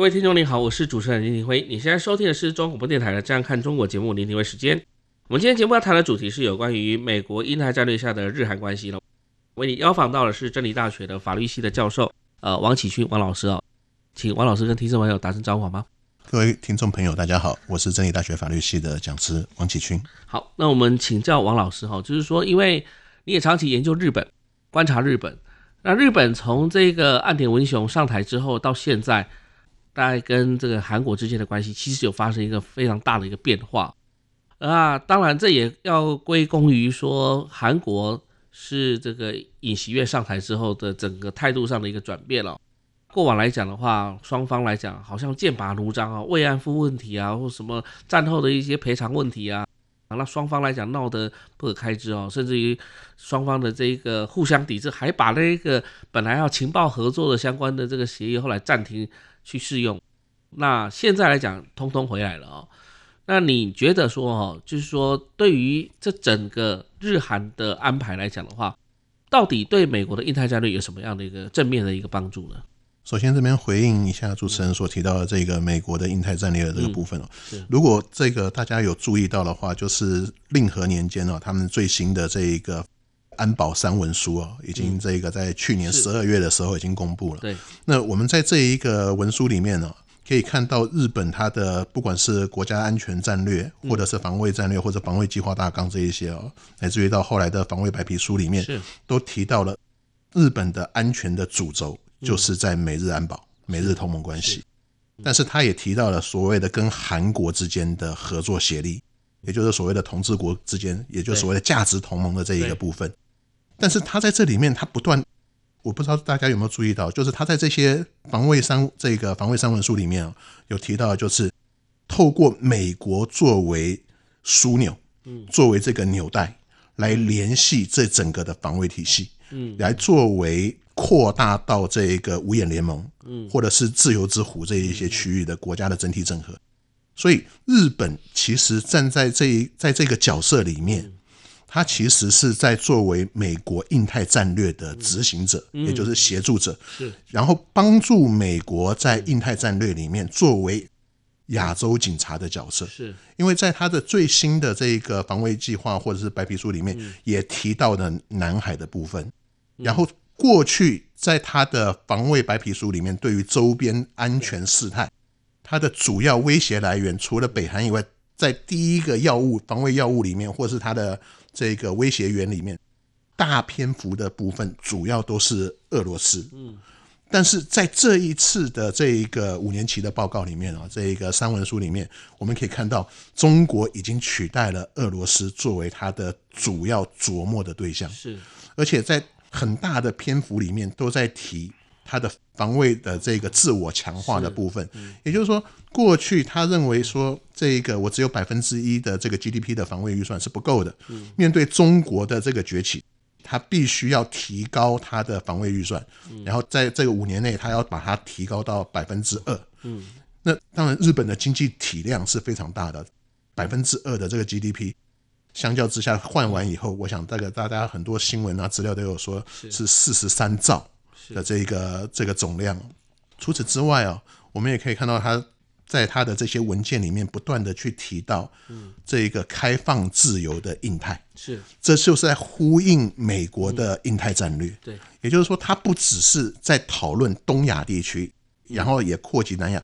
各位聽眾您好，我是主持人林廷輝。你現在收聽的是中廣播電台的《這樣看中國》節目，林廷輝時間。我們今天節目要談的主題是有關於美國印太戰略下的日韓關係了。為你邀訪到的是真理大學的法律系的教授，呃，王啟逡王老師哦，請王老師跟聽眾朋友打聲招呼好嗎？各位聽眾朋友，大家好，我是真理大學法律系的講師王啟逡。好，那我們請教王老師哈、哦，就是說，因為你也長期研究日本，觀察日本，那日本從這個岸田文雄上台之後到現在。大概跟這個韓國之間的關係，其實有發生一個非常大的一個變化啊！當然，這也要歸功於說韓國是這個尹錫悅上台之後的整個態度上的一個轉變了，哦。過往來講的話，雙方來講好像劍拔弩張啊，哦，慰安婦問題啊，或什麼戰後的一些賠償問題啊，啊，那雙方來講鬧得不可開交哦，甚至於雙方的這一個互相抵制，還把那個本來要情報合作的相關的這個協議後來暫停。去試用，那現在來講，通通回來了哦。那你覺得說，哦，就是說，對於這整個日韓的安排來講的話，到底對美國的印太戰略有什麼樣的一個正面的一個幫助呢？首先，這邊回應一下主持人所提到的這個美國的印太戰略的這個部分哦，嗯。是，如果這個大家有注意到的話，就是令和年間哦，他們最新的這一個。安保三文書哦、喔，已經這個在去年十二月的時候已經公布了，嗯。那我們在這一個文書裡面呢、喔，可以看到日本它的不管是國家安全戰略，或者是防衛戰略，或者防衛計劃大綱這一些哦、喔，乃至於到後來的防衛白皮書裡面，都提到了日本的安全的主軸就是在美日安保、嗯、美日同盟關係，嗯。但是它也提到了所謂的跟韓國之間的合作協力，也就是所謂的同志國之間，也就是所謂的價值同盟的這一個部分。但是他在這裡面，他不斷，我不知道大家有沒有注意到，就是他在這些防衛三這個防衛三文書裡面有提到，就是透過美國作為樞紐，嗯，作為這個紐帶來聯繫這整個的防衛體系，嗯，來作為擴大到這個五眼聯盟，嗯，或者是自由之弧這一些區域的國家的整體整合。所以日本其實站在這一在這個角色裡面。他其實是在作為美國印太戰略的執行者，嗯、也就是協助者、嗯，然後幫助美國在印太戰略裡面作為亞洲警察的角色。因為在他的最新的這個防衛計劃或者是白皮書裡面也提到了南海的部分。嗯、然後過去在他的防衛白皮書裡面，對於周邊安全事態，嗯、他的主要威脅來源除了北韓以外，在第一個藥物防衛藥物裡面，或者是他的。這個威脅源裡面，大篇幅的部分主要都是俄羅斯。嗯，但是在這一次的這一個五年期的報告裡面啊，這一個三文書裡面，我們可以看到中國已經取代了俄羅斯作為它的主要著墨的對象。是，而且在很大的篇幅裡面都在提。他的防衛的這個自我強化的部分，也就是說，過去他認為說這個我只有百分之一的這個 GDP 的防衛預算是不夠的，面對中國的這個崛起，他必須要提高他的防衛預算，然後在這個五年內，他要把它提高到百分之二。那當然，日本的經濟體量是非常大的，百分之二的這個 GDP，相較之下換完以後，我想這個大家很多新聞啊資料都有說是四十三兆。的這個這個總量，除此之外啊、哦，我們也可以看到他在他的這些文件裡面不斷的去提到，這一個開放自由的印太、嗯，是，這就是在呼應美國的印太戰略。嗯、對，也就是說，他不只是在討論東亞地區、嗯，然後也擴及南亞，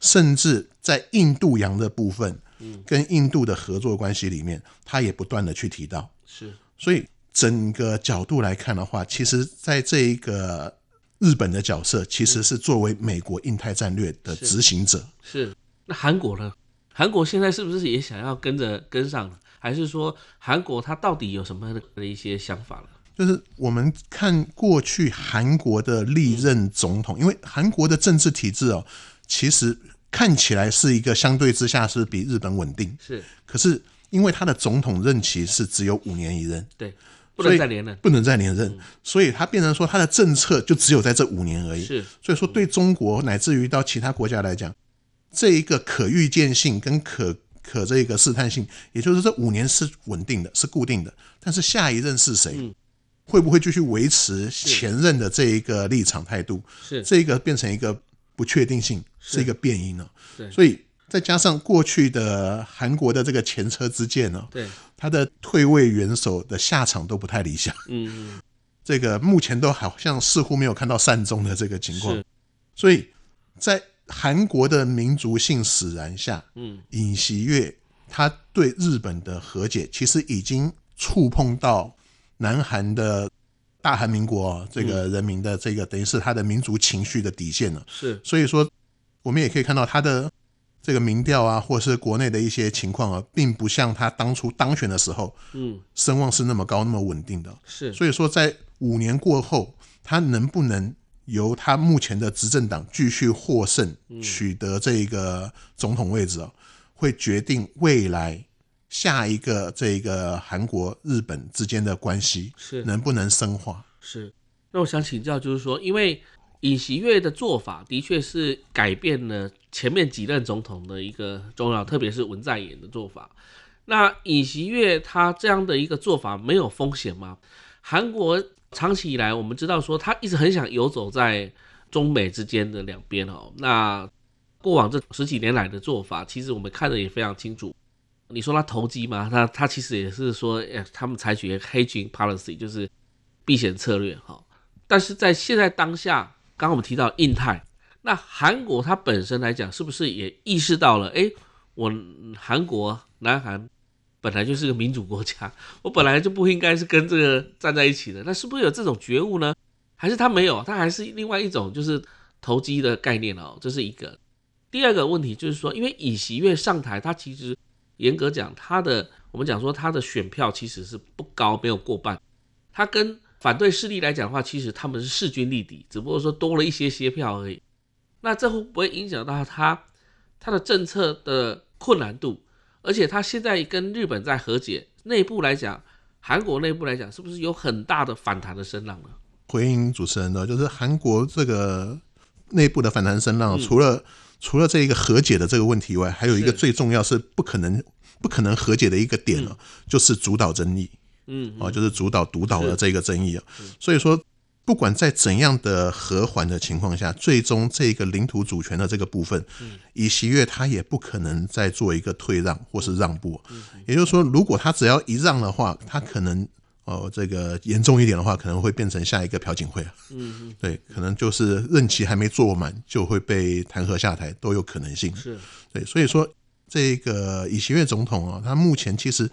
甚至在印度洋的部分，嗯，跟印度的合作關係裡面，他也不斷的去提到。是，所以整個角度來看的話，其實在這一個。日本的角色其實是作為美國印太戰略的執行者。是，那韓國呢？韓國現在是不是也想要跟着跟上？還是說韓國它到底有什麼的一些想法？就是我們看過去韓國的歷任總統，因為韓國的政治體制哦，其實看起來是一個相對之下是比日本穩定。是，可是因為它的總統任期是只有五年一任。對。不能再連任，不能再連任、嗯，所以他變成說他的政策就只有在這五年而已。所以說對中國乃至於到其他國家來講，這一個可預見性跟可可這個試探性，也就是這五年是穩定的，是固定的。但是下一任是誰，嗯、會不會繼續維持前任的這一個立場態度？是這一個變成一個不確定性，是一個變因了。對，所以。再加上過去的韓國的這個前車之鑑哦，對他的退位元首的下場都不太理想，嗯，這個目前都好像似乎沒有看到善終的這個情況，所以在韓國的民族性使然下，嗯，尹錫悅他對日本的和解其實已經觸碰到南韓的大韓民國、哦嗯、這個人民的這個等於是他的民族情緒的底線了，是，所以說我們也可以看到他的。這個民調啊，或是國內的一些情況啊，並不像他當初當選的時候，嗯，聲望是那麼高，那麼穩定的。是，所以說在五年過後，他能不能由他目前的執政黨繼續獲勝，取得這個總統位置啊，嗯，會決定未來下一個這個韓國、日本之間的關係是能不能深化。是，那我想請教，就是說，因為。尹錫悅的做法的確是改變了前面幾任總統的一個重要，特別是文在寅的做法。那尹錫悅他這樣的一個做法沒有風險嗎？韓國長期以來我們知道說他一直很想游走在中美之間的兩邊哦。那過往這十幾年來的做法，其實我們看得也非常清楚。你說他投機嗎？他他其實也是說，哎，他們採取 hedging policy，就是避險策略哈。但是在現在當下。剛剛我們提到印太，那韓國它本身來講，是不是也意識到了？哎，我韓國南韓本來就是個民主國家，我本來就不應該是跟這個站在一起的，那是不是有這種覺悟呢？還是他沒有？他還是另外一種就是投機的概念哦，這是一個。第二個問題就是說，因為尹錫悅上台，他其實嚴格講，他的我們講說他的選票其實是不高，沒有過半，他跟。反對勢力來講的話，其實他們是勢均力敵，只不過說多了一些些票而已。那這會不會影響到他他的政策的困難度？而且他現在跟日本在和解，內部來講，韓國內部來講，是不是有很大的反彈的聲浪呢、啊？回應主持人呢，就是韓國這個內部的反彈聲浪，嗯、除了除了這一個和解的這個問題以外，還有一個最重要是不可能不可能和解的一個點了、嗯，就是獨島爭議。嗯啊、嗯，就是主導獨島的這個爭議啊、嗯，所以說不管在怎樣的和緩的情況下，最終這個領土主權的這個部分，尹錫悅他也不可能再做一個退讓或是讓步、啊。也就是說，如果他只要一讓的話，他可能哦、呃、這個嚴重一點的話，可能會變成下一個朴槿惠、啊、嗯嗯，對，可能就是任期還沒做滿就會被彈劾下台，都有可能性。是，對，所以說這個尹錫悅總統啊，他目前其實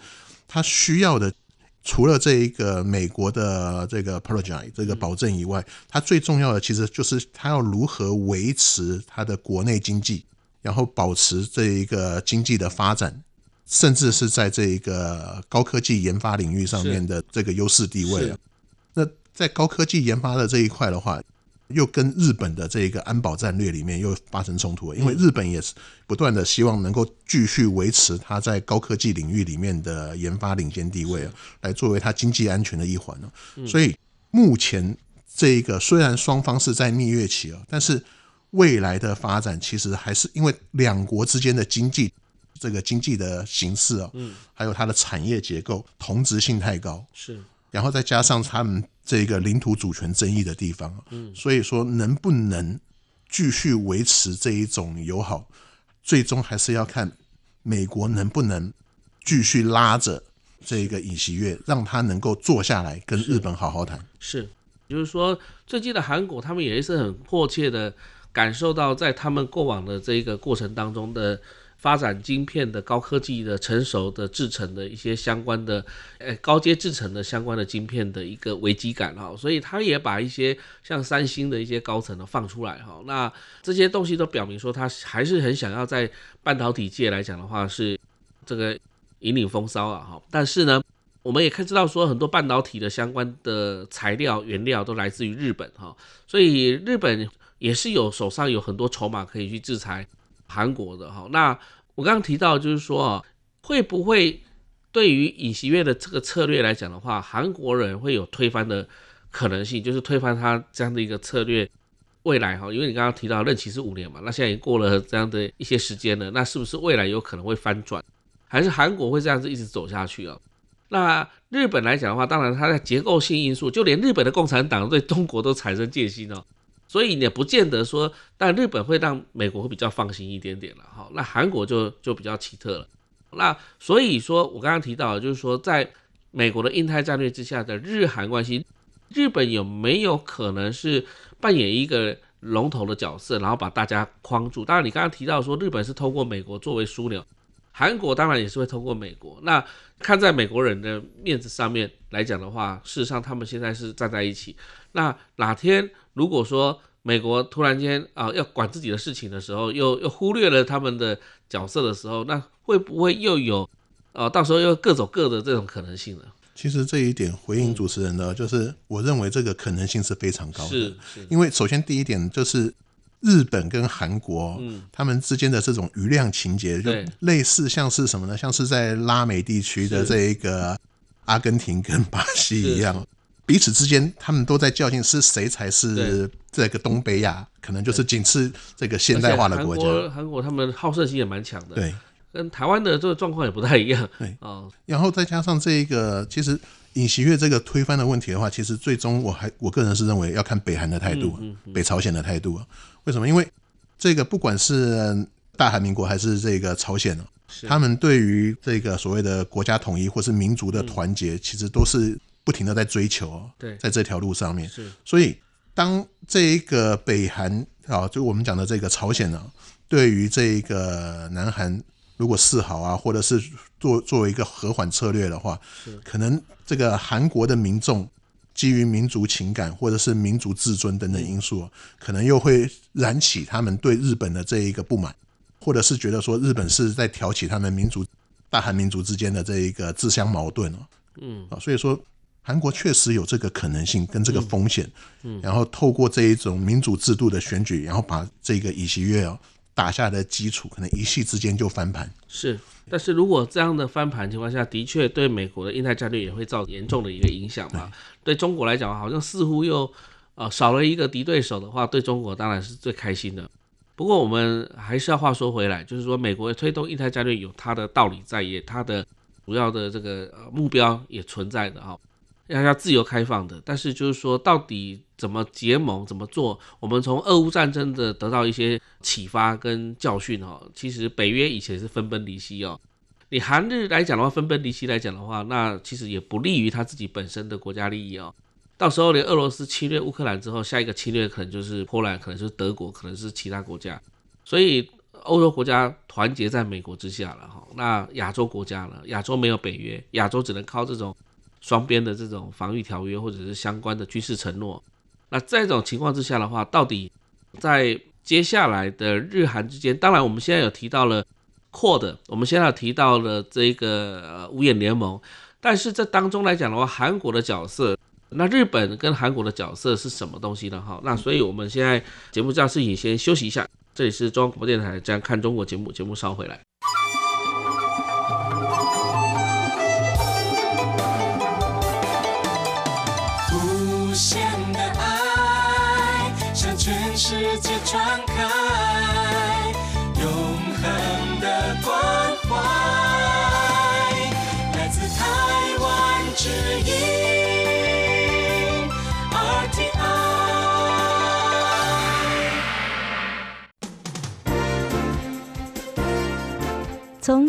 他需要的。除了這一個美國的這個 project 這個保證以外，它最重要的其實就是它要如何維持它的國內經濟，然後保持這一個經濟的發展，甚至是在這一個高科技研發領域上面的這個優勢地位。啊，那在高科技研發的這一塊的話，又跟日本的這一個安保戰略裡面又發生衝突了，因為日本也是不斷的希望能夠繼續維持它在高科技領域裡面的研發領先地位啊，來作為它經濟安全的一環。所以目前這一個雖然雙方是在蜜月期啊，但是未來的發展其實還是因為兩國之間的經濟這個經濟的形勢啊，還有它的產業結構同質性太高，是，然後再加上他們。這個領土主權爭議的地方，嗯，所以說能不能繼續維持這一種友好，最終還是要看美國能不能繼續拉着這個尹錫悅，讓他能夠坐下來跟日本好好談是是。是，就是說最近的韓國，他們也是很迫切的感受到，在他們過往的這個過程當中的。發展晶片的高科技的成熟的製程的一些相關的，誒，高階製程的相關的晶片的一個危機感哈，所以他也把一些像三星的一些高層呢放出來哈，那這些東西都表明說他還是很想要在半導體界來講的話是這個引領風騷啊哈，但是呢，我們也可以知道說很多半導體的相關的材料原料都來自於日本哈，所以日本也是有手上有很多籌碼可以去制裁。韓國的哈，那我剛剛提到就是說，會不會對於尹錫悅的這個策略來講的話，韓國人會有推翻的可能性，就是推翻他這樣的一個策略。未來哈，因為你剛剛提到任期是五年嘛，那現在已經過了這樣的一些時間了，那是不是未來有可能會翻轉，還是韓國會這樣子一直走下去啊？那日本來講的話，當然它的結構性因素，就連日本的共產黨對中國都產生戒心哦。所以你也不見得說，但日本會讓美國會比較放心一點點了好。那韓國就就比較奇特了。那所以說，我剛剛提到就是說，在美國的印太戰略之下的日韓關係，日本有沒有可能是扮演一個龍頭的角色，然後把大家框住？當然，你剛剛提到說日本是通過美國作為樞紐，韓國當然也是會通過美國。那看在美國人的面子上面來講的話，事實上他們現在是站在一起。那哪天如果說美國突然間啊、呃、要管自己的事情的時候，又又忽略了他們的角色的時候，那會不會又有、呃，啊到時候又各走各的這種可能性呢？其實這一點回應主持人呢，就是我認為這個可能性是非常高的，是，因為首先第一點就是日本跟韓國他們之間的這種瑜亮情結，就類似像是什麼呢？像是在拉美地區的這一個阿根廷跟巴西一樣。彼此之間，他們都在較勁，是誰才是這個東北亞可能就是僅次這個現代化的國家。韓國，韓國他們好勝心也蠻強的，對，跟台灣的這個狀況也不太一樣，對啊。然後再加上這一個，其實尹錫悅這個推翻的問題的話，其實最終我還我個人是認為要看北韓的態度、嗯哼哼，北朝鮮的態度。為什麼？因為這個不管是大韓民國還是這個朝鮮，他們對於這個所謂的國家統一或是民族的團結、嗯，其實都是。不停的在追求哦，對，在這條路上面是，所以當這一個北韓啊，就我們講的這個朝鮮呢，對於這一個南韓如果示好啊，或者是做作為一個和緩策略的話，是可能這個韓國的民眾基於民族情感或者是民族自尊等等因素，可能又會燃起他們對日本的這一個不滿，或者是覺得說日本是在挑起他們民族大韓民族之間的這一個自相矛盾哦，嗯啊，所以說，韓國確實有這個可能性跟這個風險嗯，嗯，然後透過這一種民主制度的選舉，然後把這個尹錫悅打下的基礎，可能一夕之間就翻盤。是，但是如果這樣的翻盤情況下的確對美國的印太戰略也會造嚴重的一個影響嘛？對中國來講，好像似乎又，呃，少了一個敵對手的話，對中國當然是最開心的。不過我們還是要話說回來，就是說美國推動印太戰略有它的道理在，也它的主要的這個目標也存在的哈。要要自由開放的，但是就是說，到底怎麼結盟，怎麼做？我們從俄烏戰爭的得到一些啟發跟教訓哦。其實北約以前是分崩離析哦。你韓日來講的話，分崩離析來講的話，那其實也不利於他自己本身的國家利益哦。到時候連俄羅斯侵略烏克蘭之後，下一個侵略可能就是波蘭，可能就是德國，可能是其他國家。所以歐洲國家團結在美國之下了哈。那亞洲國家呢？亞洲沒有北約，亞洲只能靠這種。雙邊的這種防禦條約或者是相關的軍事承諾，那這種情況之下的話，到底在接下來的日韓之間，當然我們現在有提到了 Quad 的，我們現在有提到了這個五眼聯盟，但是這當中來講的話，韓國的角色，那日本跟韓國的角色是什麼東西呢？哈，那所以我們現在節目這樣是以先休息一下，這裡是中央廣播電台，這樣看中國節目，節目稍回來。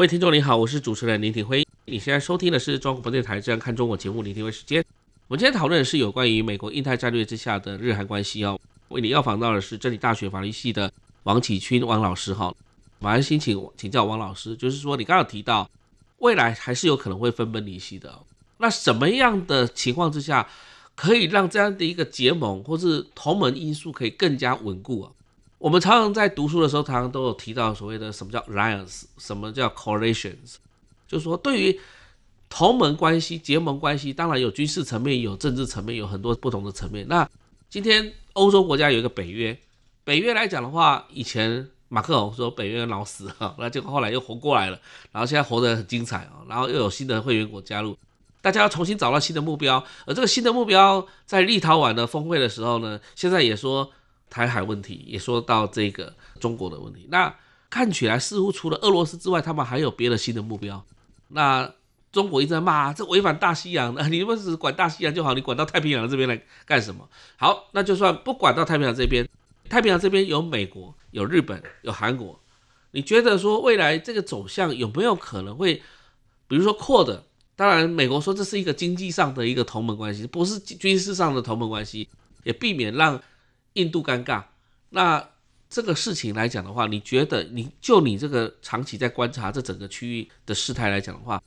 各位聽眾你好，我是主持人林廷輝。你現在收聽的是中國電臺《這樣看中國》節目，林廷輝時間。我們今天討論的是有關於美國印太戰略之下的日韓關係哦。為你要訪到的是真理大學法律系的王啟逡。王老師哈。馬上，請請教王老師，就是說你剛剛提到未來還是有可能會分崩離析的，哦，那什麼樣的情況之下可以讓這樣的一個結盟或是同盟因素可以更加穩固啊，哦？我們常常在讀書的時候，常常都有提到所謂的什麼叫 alliances，什麼叫 coalitions，就是說對於同盟關係、結盟關係，當然有軍事層面，有政治層面，有很多不同的層面。那今天歐洲國家有一個北約，北約來講的話，以前馬克龍說北約老死啊，那結果後來又活過來了，然後現在活得很精彩啊，然後又有新的會員國加入，大家要重新找到新的目標，而這個新的目標在立陶宛的峰會的時候呢，現在也說。台海問題也說到這個中國的問題，那看起來似乎除了俄羅斯之外，他們還有別的新的目標。那中國一直在罵這違反大西洋的，你們只管大西洋就好，你管到太平洋這邊來幹什麼？好，那就算不管到太平洋這邊，太平洋這邊有美國、有日本、有韓國，你覺得說未來這個走向有沒有可能會，比如說擴的？當然，美國說這是一個經濟上的一個同盟關係，不是軍事上的同盟關係，也避免讓。印度尷尬，那這個事情來講的話，你覺得你就你這個長期在觀察這整個區域的事態來講的話，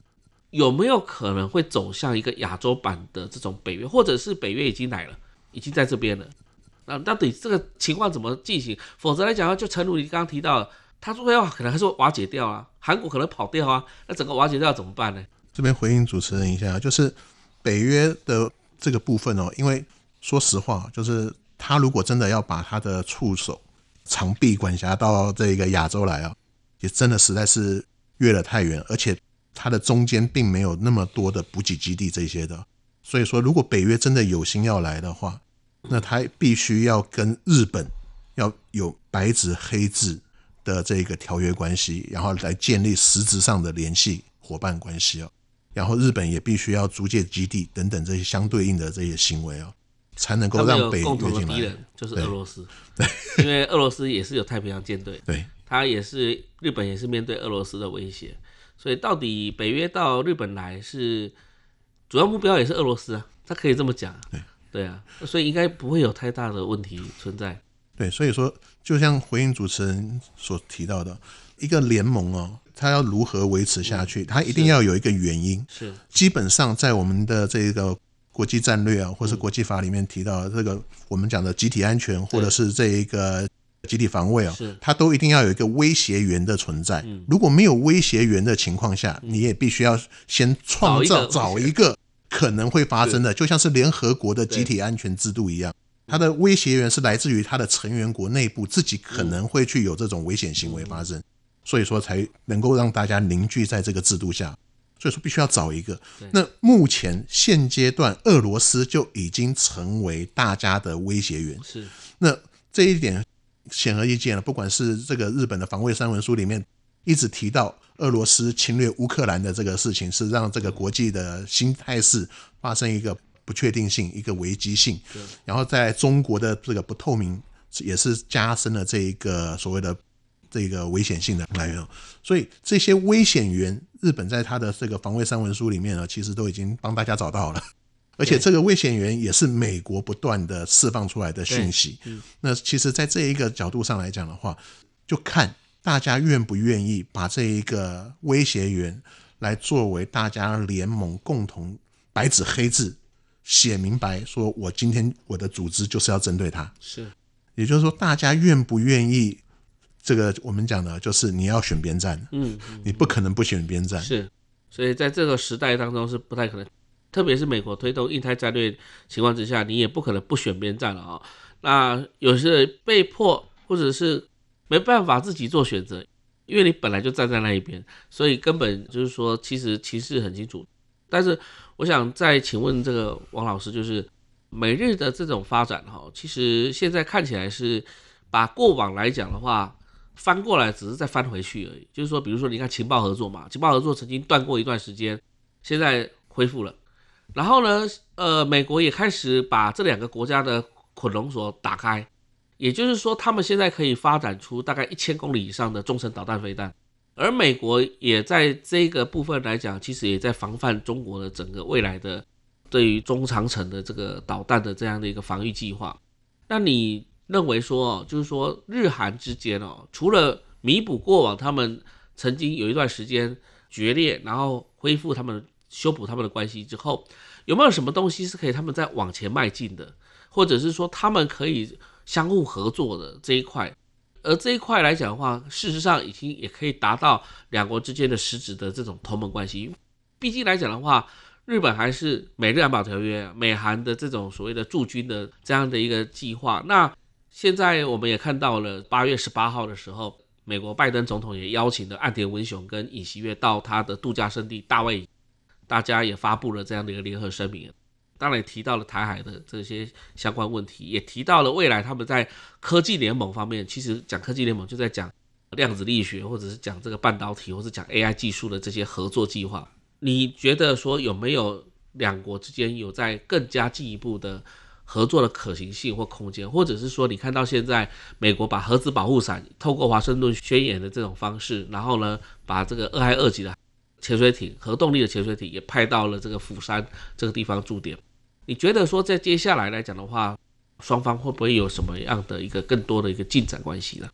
有沒有可能會走向一個亞洲版的這種北約，或者是北約已經來了，已經在這邊了？那到底這個情況怎麼進行？否則來講的話，就誠如你剛剛提到了，他說要可能還是會瓦解掉啊，韓國可能跑掉啊，那整個瓦解掉怎麼辦呢？這邊回應主持人一下，就是北約的這個部分哦，因為說實話，就是。他如果真的要把他的觸手、長臂管轄到這個亞洲來啊，也真的實在是越了太遠，而且他的中間並沒有那麼多的補給基地這些的。所以說，如果北約真的有心要來的話，那他必須要跟日本要有白紙黑字的這個條約關係，然後來建立實質上的聯繫夥伴關係哦。然後日本也必須要租借基地等等這些相對應的這些行為哦。才能夠讓北約進來，的敵人就是俄羅斯。對，對，因為俄羅斯也是有太平洋艦隊，對，他也是日本也是面對俄羅斯的威脅，所以到底北約到日本來是主要目標也是俄羅斯啊，他可以這麼講，對，對啊，所以應該不會有太大的問題存在，對，所以說就像回應主持人所提到的，一個聯盟哦，他要如何維持下去，他、嗯、一定要有一個原因是，是，基本上在我們的這個。國際戰略啊，或是國際法裡面提到這個，我們講的集體安全或者是這一個集體防衛啊，它都一定要有一個威脅源的存在。如果沒有威脅源的情況下，你也必須要先創造找一個可能會發生的，就像是聯合國的集體安全制度一樣，它的威脅源是來自於它的成員國內部，自己可能會去有這種危險行為發生，所以說才能夠讓大家凝聚在這個制度下。所以說，必須要找一個。那目前現階段，俄羅斯就已經成為大家的威脅源。是。那這一點顯而易見了，不管是這個日本的防衛三文書裡面一直提到俄羅斯侵略烏克蘭的這個事情，是讓這個國際的新態勢發生一個不確定性、一個危機性。然後，在中國的這個不透明，也是加深了這一個所謂的這個危險性的來源。所以，這些危險源。日本在他的這個防衛三文書裡面呢，其實都已經幫大家找到了，而且這個危險源也是美國不斷的釋放出來的訊息。那其實，在這一個角度上來講的話，就看大家願不願意把這一個威脅源來作為大家聯盟共同白紙黑字寫明白，說我今天我的組織就是要針對他，是，也就是說，大家願不願意？這個我們講的就是你要選邊站，嗯，嗯，你不可能不選邊站。是，所以在這個時代當中是不太可能，特別是美國推動印太戰略情況之下，你也不可能不選邊站了啊、哦。那有些人被迫或者是沒辦法自己做選擇，因為你本來就站在那一邊，所以根本就是說，其實其實很清楚。但是我想再請問這個王老師，就是美日的這種發展哈、哦，其實現在看起來是把過往來講的話。翻過來只是再翻回去而已，就是說，比如說，你看情報合作嘛，情報合作曾經斷過一段時間，現在恢復了。然後呢，呃，美國也開始把這兩個國家的捆龍鎖打開，也就是說，他們現在可以發展出大概一千公里以上的中程導彈飛彈。而美國也在這個部分來講，其實也在防範中國的整個未來的對於中長程的這個導彈的這樣的一個防御計劃。那你認為說哦，就是說日韓之間哦，除了彌補過往他們曾經有一段時間決裂，然後恢復他們修補他們的關係之後，有沒有什麼東西是可以他們再往前邁進的，或者是說他們可以相互合作的這一塊？而這一塊來講的話，事實上已經也可以達到兩國之間的實質的這種同盟關係，畢竟來講的話，日本還是美日安保條約、美韓的這種所謂的駐軍的這樣的一個計劃，那。現在我們也看到了，八月十八號的時候，美國拜登總統也邀請了岸田文雄跟尹錫悅到他的度假勝地大衛，大家也發布了這樣的一個聯合聲明，當然也提到了台海的這些相關問題，也提到了未來他們在科技聯盟方面，其實講科技聯盟就在講量子力學，或者是講這個半導體，或者是講 AI 技術的這些合作計劃。你覺得說有沒有兩國之間有在更加進一步的？合作的可行性或空間，或者是說，你看到現在美國把核子保護傘透過華盛頓宣言的這種方式，然後呢，把這個俄亥俄級的潛水艇、核動力的潛水艇也派到了這個釜山這個地方駐點。你覺得說，在接下來來講的話，雙方會不會有什麼樣的一個更多的一個進展關係呢？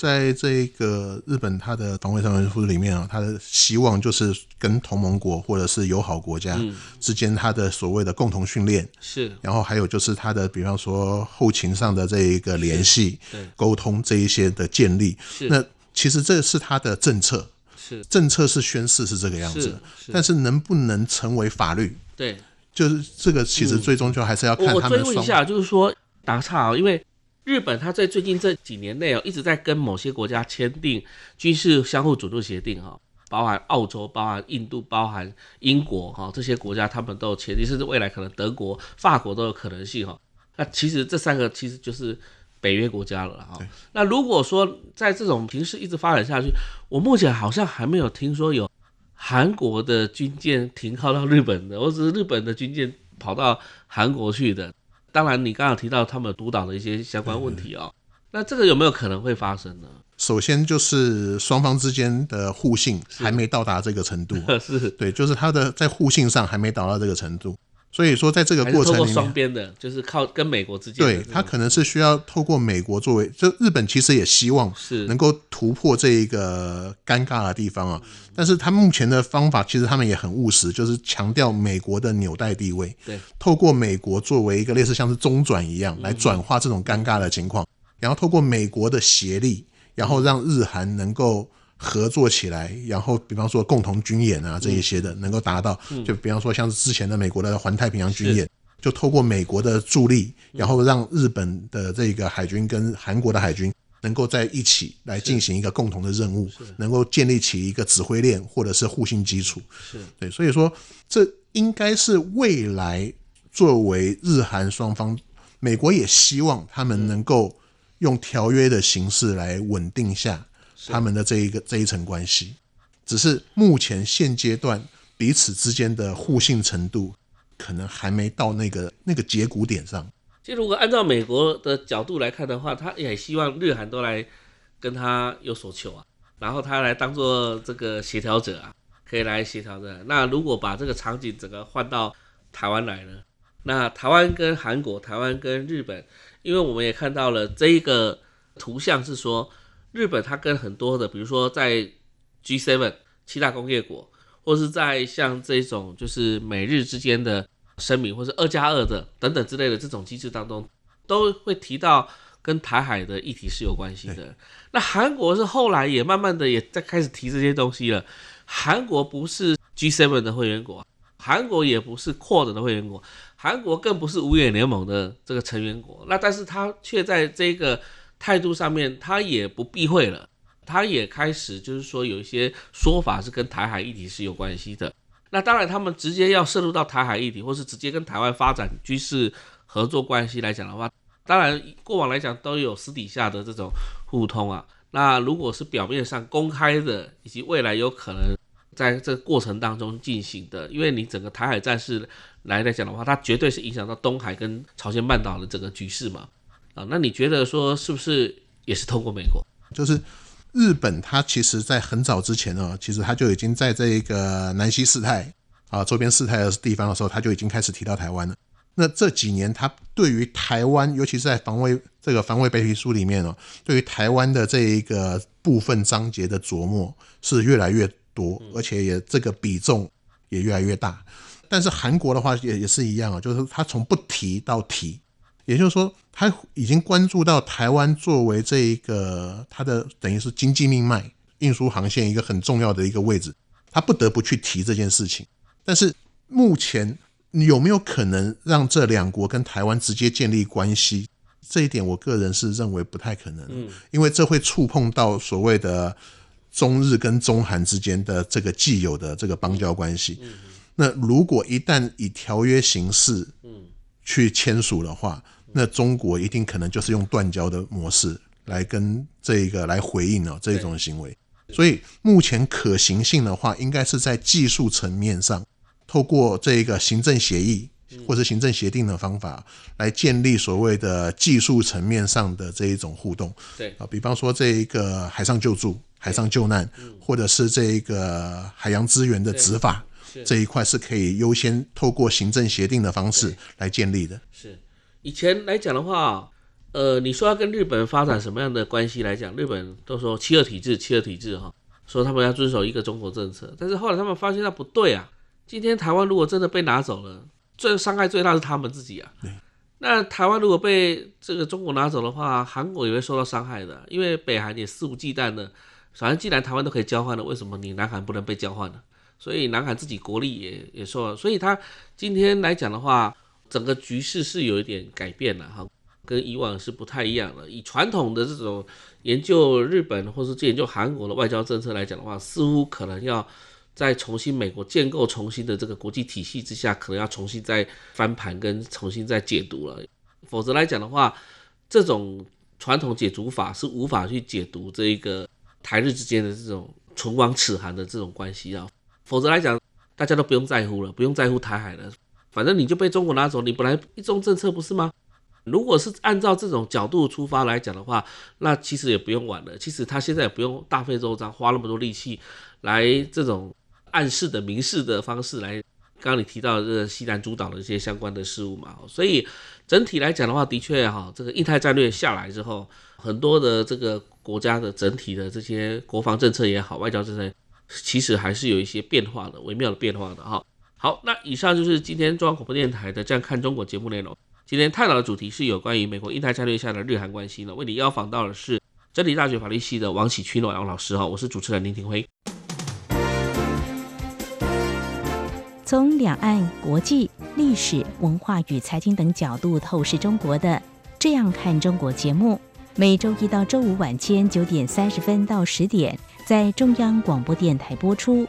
在這個日本，它的防衛三文書裡面啊，他的希望就是跟同盟國或者是友好國家之間，他的所謂的共同訓練、嗯、是，然後還有就是他的，比方說後勤上的這一個聯繫、溝通這一些的建立，是。那其實這是他的政策，是政策是宣示是這個樣子，但是能不能成為法律？對，就是這個，其實最終就還是要看他們、嗯。我追問一下，就是說打個岔啊，因為。日本，它在最近這幾年內哦，一直在跟某些國家簽訂軍事相互主動協定哈，包含澳洲、包含印度、包含英國哈這些國家，他們都有簽訂，甚至未來可能德國、法國都有可能性哈。那其實這三個其實就是北約國家了啦。那如果說在這種形勢一直發展下去，我目前好像還沒有聽說有韓國的軍艦停靠到日本的，或者是日本的軍艦跑到韓國去的。當然，你剛剛提到他們獨島的一些相關問題哦、嗯，那這個有沒有可能會發生呢？首先就是雙方之間的互信還沒到達這個程度，是， 是對，就是他的在互信上還沒到達這個程度。所以說，在這個過程裡面，雙邊的，就是靠跟美國之間。對，他可能是需要透過美國作為，就日本其實也希望是能夠突破這一個尷尬的地方啊。但是他目前的方法其實他們也很務實，就是強調美國的紐帶地位，對，透過美國作為一個類似像是中轉一樣、嗯、來轉化這種尷尬的情況，然後透過美國的協力，然後讓日韓能夠。合作起來，然後比方說共同軍演啊、嗯、這一些的，能夠達到、嗯，就比方說像是之前的美國的環太平洋軍演，就透過美國的助力、嗯，然後讓日本的這個海軍跟韓國的海軍能夠在一起來進行一個共同的任務，能夠建立起一個指揮鏈或者是互信基礎。是對，所以說這應該是未來作為日韓雙方，美國也希望他們能夠用條約的形式來穩定下。他們的這一個這一層關係，只是目前現階段彼此之間的互信程度，可能還沒到那個那個節骨點上。就如果按照美國的角度來看的話，他也希望日韓都來跟他有所求啊，然後他來當做這個協調者啊，可以來協調的。那如果把這個場景整個換到台灣來呢？那台灣跟韓國、台灣跟日本，因為我們也看到了這一個圖像，是說。日本它跟很多的，比如說在 G7 七大工業國，或是在像這種就是美日之間的聲明，或者是二加二的等等之類的這種機制當中，都會提到跟台海的議題是有關係的。那韓國是後來也慢慢的也在開始提這些東西了。韓國不是 G7 的會員國，韓國也不是 Quad 的會員國，韓國更不是五眼聯盟的這個成員國。那但是它卻在這個。態度上面，他也不避諱了，他也開始就是說有一些說法是跟台海議題是有關係的。那當然，他們直接要涉入到台海議題，或是直接跟台灣發展軍事合作關係來講的話，當然過往來講都有私底下的這種互通啊。那如果是表面上公開的，以及未來有可能在這個過程當中進行的，因為你整個台海戰事來來講的話，它絕對是影響到東海跟朝鮮半島的整個局勢嘛。啊、哦，那你覺得說是不是也是透過美國？就是日本，它其實在很早之前哦，其實它就已經在這個南西事態，啊、周邊事態的地方的時候，它就已經開始提到台灣了。那這幾年，它對於台灣，尤其是在防衛這個防衛白皮書裡面哦，對於台灣的這一個部分章節的琢磨是越來越多，嗯、而且也這個比重也越來越大。但是韓國的話也也是一樣啊、哦，就是他從不提到提。也就是說，他已經關注到台灣作為這一個它的等於是經濟命脈、運輸航線一個很重要的一個位置，他不得不去提這件事情。但是目前你有沒有可能讓這兩國跟台灣直接建立關係？這一點，我個人是認為不太可能，因為這會觸碰到所謂的中日跟中韓之間的這個既有的這個邦交關係。那如果一旦以條約形式去簽署的話，那中國一定可能就是用斷交的模式來跟這個來回應哦，這一種行為，所以目前可行性的話，應該是在技術層面上，透過這個行政協議或是行政協定的方法來建立所謂的技術層面上的這一種互動。對啊，比方說這一個海上救助、海上救難，或者是這一個海洋資源的執法這一塊，是可以優先透過行政協定的方式來建立的。是。以前來講的話，呃，你說要跟日本發展什麼樣的關係來講，日本都說“七二體制，七二體制哦”哈，說他們要遵守一個中國政策。但是後來他們發現那不對啊。今天台灣如果真的被拿走了，最傷害最大是他們自己啊。那台灣如果被這個中國拿走的話，韓國也會受到傷害的，因為北韓也肆無忌憚的。反正既然台灣都可以交換了，為什麼你南韓不能被交換呢？所以南韓自己國力也也受了，所以他今天來講的話。整個局勢是有一點改變了哈，跟以往是不太一樣了。以傳統的這種研究日本或是研究韓國的外交政策來講的話，似乎可能要在重新美國建構、重新的這個國際體系之下，可能要重新再翻盤跟重新再解讀了。否則來講的話，這種傳統解讀法是無法去解讀這一個台日之間的這種唇亡齒寒的這種關係啊。否則來講，大家都不用在乎了，不用在乎台海了。反正你就被中國拿走，你本來一中政策不是嗎？如果是按照這種角度出發來講的話，那其實也不用玩了。其實他現在也不用大費周章，花那麼多力氣來這種暗示的、明示的方式來，剛剛你提到的這個西南諸島的一些相關的事務嘛。所以整體來講的話，的確哈、哦，這個印太戰略下來之後，很多的這個國家的整體的這些國防政策也好、外交政策，其實還是有一些變化的、微妙的變化的哈。好，那以上就是今天中央廣播電台的《這樣看中國》節目內容。今天探討的主題是有關於美國印太戰略下的日韓關係呢。為你邀訪到的是真理大學法律系的王啟逡諾楊老師哈。我是主持人林廷輝。從兩岸國際、歷史、文化與財經等角度透視中國的《這樣看中國》節目，每週一到週五晚間九點三十分到十點，在中央廣播電台播出。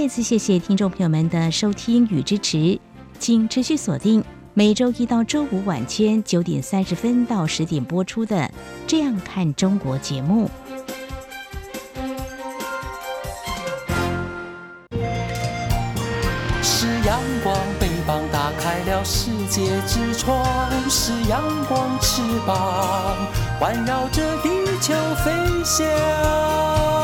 再次謝謝聽眾朋友們的收聽與支持，請持續鎖定每週一到週五晚間九點三十分到十點播出的《這樣看中國》節目。是陽光翅膀打開了世界之窗，是陽光翅膀環繞着地球飛翔。